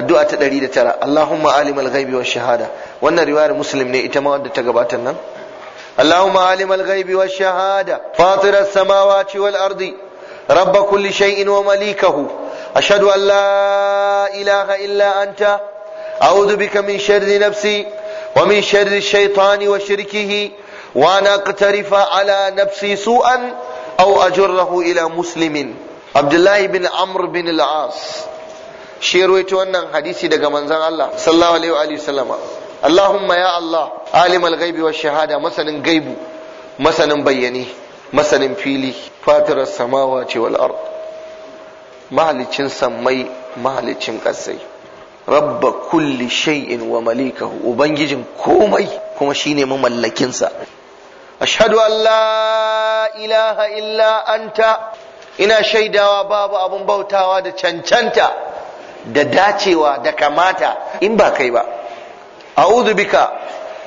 addu'a ta 109 Allahumma alimal ghaibi wa shahada wannan riwayar muslim ne ita ma wadda ta gabata nan Allahumma alimal ghaibi wa shahada fatiras samawati wal ardi rabb kulli shay'in wa malikahu ashhadu an la ilaha illa anta a'udhu bika min sharri nafsi wa min sharri shaytani wa shirkihi wa an aqtarifa ala nafsi su su'an aw ajurrahu ila muslimin Abdullahi bin Amru bin al shi ruwaito wannan hadisi daga manzan Allah sallallahu alaihi wa alihi sallama Allahumma ya Allah alimul ghaibi wa shahada masanin gaibu masanin bayyane masanin fili samawa samawati wal ard mahalicin sammai mahalicin kasai rabba kulli shay'in wa malikahu ubangijin komai kuma shine mamallakin sa ashhadu an la ilaha illa anta ina shaidawa babu abun bautawa da cancanta da dacewa da kamata in ba kai ba a'udhu bika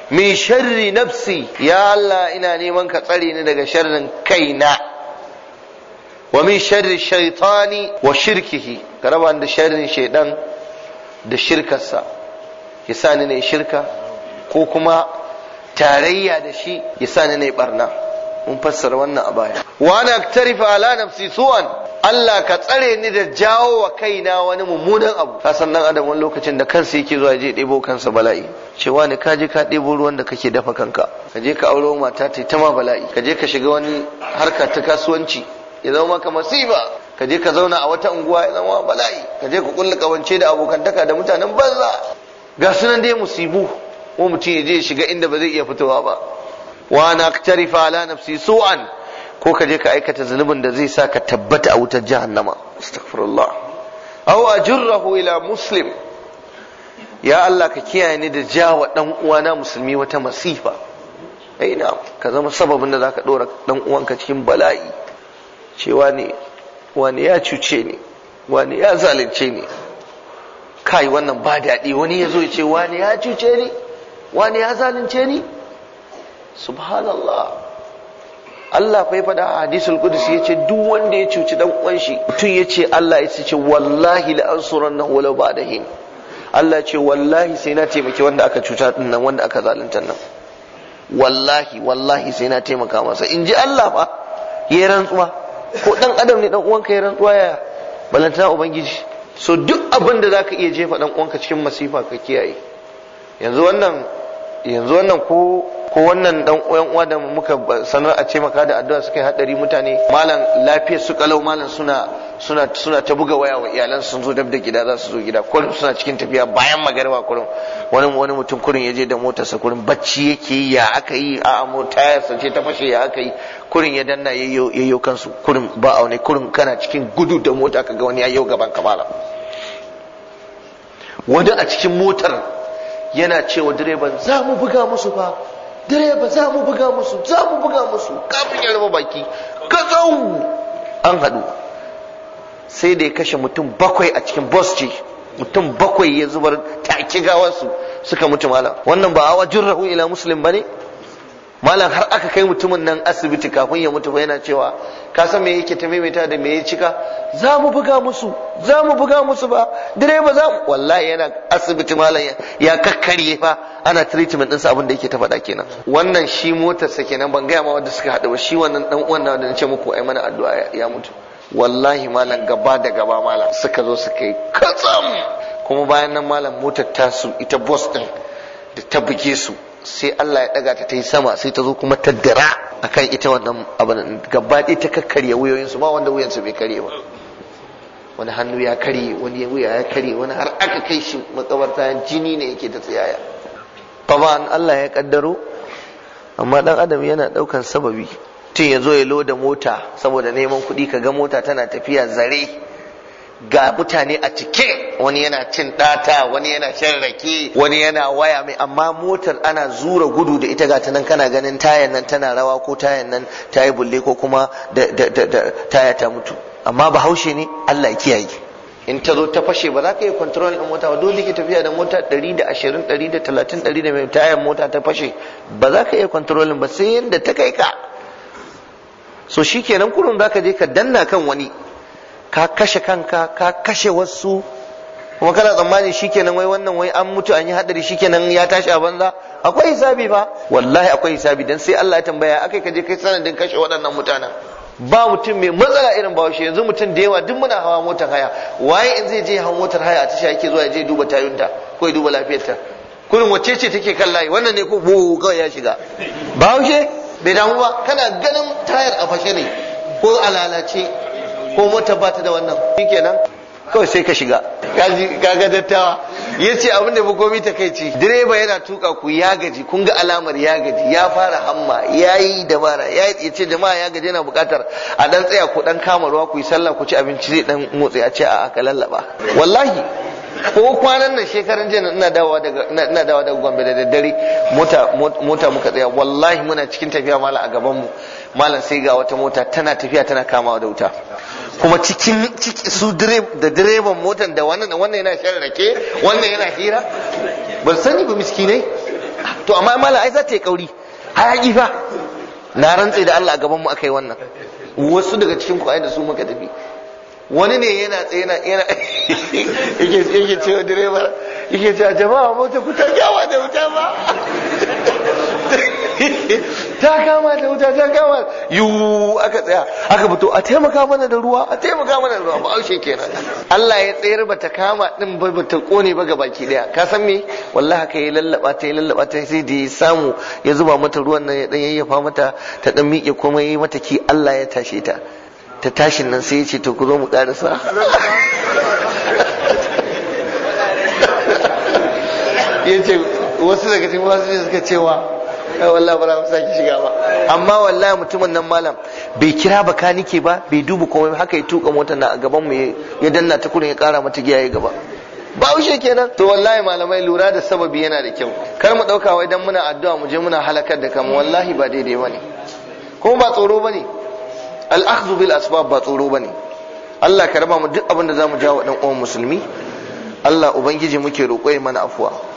min sharri nafsi ya Allah ina neman ka tsare ni daga sharrin kaina wa min sharri shaitani wa shirkihi ka raba da sharrin shaidan da shirkarsa ya sa ni ne shirka ko kuma tarayya da shi ya sa ni ne barna mun fassara wannan a baya wa na aktarifa ala nafsi su'an Allah ka tsare ni da jawo wa kaina wani mummunan abu ka san adam wani lokacin da kansa yake zuwa je ɗebo kansa bala'i cewa ne ka je ka ɗebo ruwan da kake dafa kanka ka je ka auro mata ta ta ma bala'i ka je ka shiga wani harka ta kasuwanci ya zama maka masiba ka je ka zauna a wata unguwa ya zama bala'i ka je ka kulle kawance da abokantaka da mutanen banza ga sunan dai musibu ko mutum ya je shiga inda ba zai iya fitowa ba wa ana ala nafsi su'an ko ka je ka aikata zunubin da zai sa ka tabbata a wutar jahannama astaghfirullah aw ajurrahu ila muslim ya Allah ka kiyaye ni da jawa dan uwana musulmi wata masifa ina eh, ka zama sababin da zaka dora dan uwanka cikin bala'i cewa ne wani ya cuce ni wani ya zalunce ni kai wannan ba daɗi wani ya zo ya ce wani ya cuce ni wani ya zalunce ni subhanallah Allah fa ya faɗa a hadisul qudsi yace duk wanda ya cuci dan uwan shi mutum yace Allah ya ce wallahi la ansurannahu wala ba'dahu Allah ya ce wallahi sai na taimaki wanda aka cuta din nan wanda aka zalunta nan wallahi wallahi sai na taimaka masa in ji Allah fa ya rantsuwa ko dan adam ne dan uwanka ya rantsuwa ya balanta ubangiji so duk abin da zaka iya jefa dan uwanka cikin masifa ka kiyaye yanzu wannan yanzu wannan ko ko wannan dan uwan uwa da muka sanar a ce maka da addu'a suka yi hadari mutane malam lafiyar su kalau malam suna suna suna ta buga waya wa iyalan sun zo dab gida za su zo gida kullum suna cikin tafiya bayan magariba kullum wani wani mutum kurin ya je da motar sa kurin bacci yake yi ya aka yi a mota sa ce ta fashe ya aka yi kurin ya danna yayyo yayyo kansu kurin ba a wani kurin kana cikin gudu da mota ka ga wani yau gaban ka malam wani a cikin motar yana cewa direban za mu buga musu ba. direba za mu buga musu za mu buga musu kafin ya raba baki gatsau an haɗu sai da ya kashe mutum bakwai a cikin bus ce mutum bakwai ya zubar take gawarsu suka mutu mala wannan ba awa jirrahu ila muslim bane malam har aka kai mutumin nan asibiti kafin ya mutu yana cewa ka san me yake ta maimaita da me ya cika za mu buga musu za mu buga musu ba direba za mu wallahi yana asibiti malam ya kakkarye fa ana treatment ɗinsa abin da yake ta faɗa kenan wannan shi motarsa kenan ban gaya ma wanda suka haɗu ba shi wannan ɗan uwan da na ce muku ai mana addu'a ya mutu wallahi malam gaba da gaba malam suka zo suka yi katsam kuma bayan nan malam motar tasu ita bus ɗin da ta buge su sai Allah ya daga ta ta yi sama sai ta zo kuma ta dira akan ita wannan abin gaba ɗaya ta kakkarya wuyoyinsu ba wanda wuyansu bai karye ba wani hannu ya karye wani wuya ya karye wani har aka kai shi makabarta jini ne yake ta tsiyaya an Allah ya kaddaro amma dan adam yana daukan sababi tun ya zo ya loda mota saboda neman kuɗi ka ga mota tana tafiya zare ga mutane a cike wani yana cin ɗata wani yana shan rake wani yana waya mai amma motar ana zura gudu da ita gata nan kana ganin tayan nan tana rawa ko tayan nan ta yi bulle ko kuma da taya ta mutu amma bahaushe ne Allah ya kiyaye in ta zo ta fashe ba za ka yi control din mota ba dole ke tafiya da mota 120 130 100 tayan mota ta fashe ba za ka iya controlling ba sai yanda ta kai ka so shikenan kurun za ka je ka danna kan wani ka kashe kanka ka kashe wasu kuma kana tsammani shikenan wai wannan wai an mutu an yi hadari shikenan ya tashi a banza akwai hisabi ba wallahi akwai hisabi dan sai Allah ya tambaya akai ka je kai sanadin kashe waɗannan mutanen ba mutum mai matsala irin bahaushe yanzu mutum da yawa duk muna hawa motar haya waye in zai je hawa motar haya a tasha yake zuwa ya je duba tayunta ko ya duba lafiyarta kurin wacce ce take kan layi wannan ne ko bugu kawai ya shiga bahaushe bai damu ba kana ganin tayar a fashe ne ko a lalace ko mota ba ta da wannan nan? kawai sai ka shiga kaga dattawa ya ce abinda ba komi ta kai ce direba yana tuka ku ya gaji kun ga alamar ya gaji ya fara hamma ya yi dabara ya ce jama'a ya gaji yana bukatar a dan tsaya ku dan kama ruwa ku yi sallah ku ci abinci zai dan motsi a ce a aka lallaba wallahi ko kwanan nan shekaran jiya ina dawa daga ina dawa daga Gombe da daddare mota mota muka tsaya wallahi muna cikin tafiya mala a gaban mu malam sai ga wata mota tana tafiya tana kamawa da wuta kuma cikin su da direban motan da wannan wannan yana shan rake wannan yana hira ban sani ba miskinai to amma malam ai za ta yi kauri hayaki fa na rantse da Allah a gaban mu akai wannan wasu daga cikin ku ai da su muka tafi wani ne yana tsaye yana yake cewa direbar yake cewa jama'a mota ku ta kama da wuta ba ta kama da wuta ta kama yu aka tsaya aka fito a taimaka mana da ruwa a taimaka mana da ruwa ba aushe kenan Allah ya tsayar ba ta kama din ba ba ta kone ba ga baki daya ka san me wallahi ka yi lallaba ta yi lallaba ta sai da ya samu ya zuba mata ruwan nan ya dan yayyafa mata ta dan miƙe komai mata ki Allah ya tashe ta ta tashin nan sai ya ce to ku zo mu karasa ya ce wasu daga cikin wasu suka cewa kai wallahi ba za mu sake shiga ba amma wallahi mutumin nan malam bai kira baka nike ba bai duba komai haka ya tuka motar na a gaban mu ya danna ta kurin ya kara mata giya ya gaba baushe kenan to wallahi malamai lura da sababi yana da kyau kar mu dauka wai dan muna addu'a mu je muna halakar da kamu wallahi ba daidai bane kuma ba tsoro bane al bil asbab ba tsoro bane Allah ka raba mu duk abin da zamu jawo dan uwan musulmi Allah ubangiji muke roƙo mana afuwa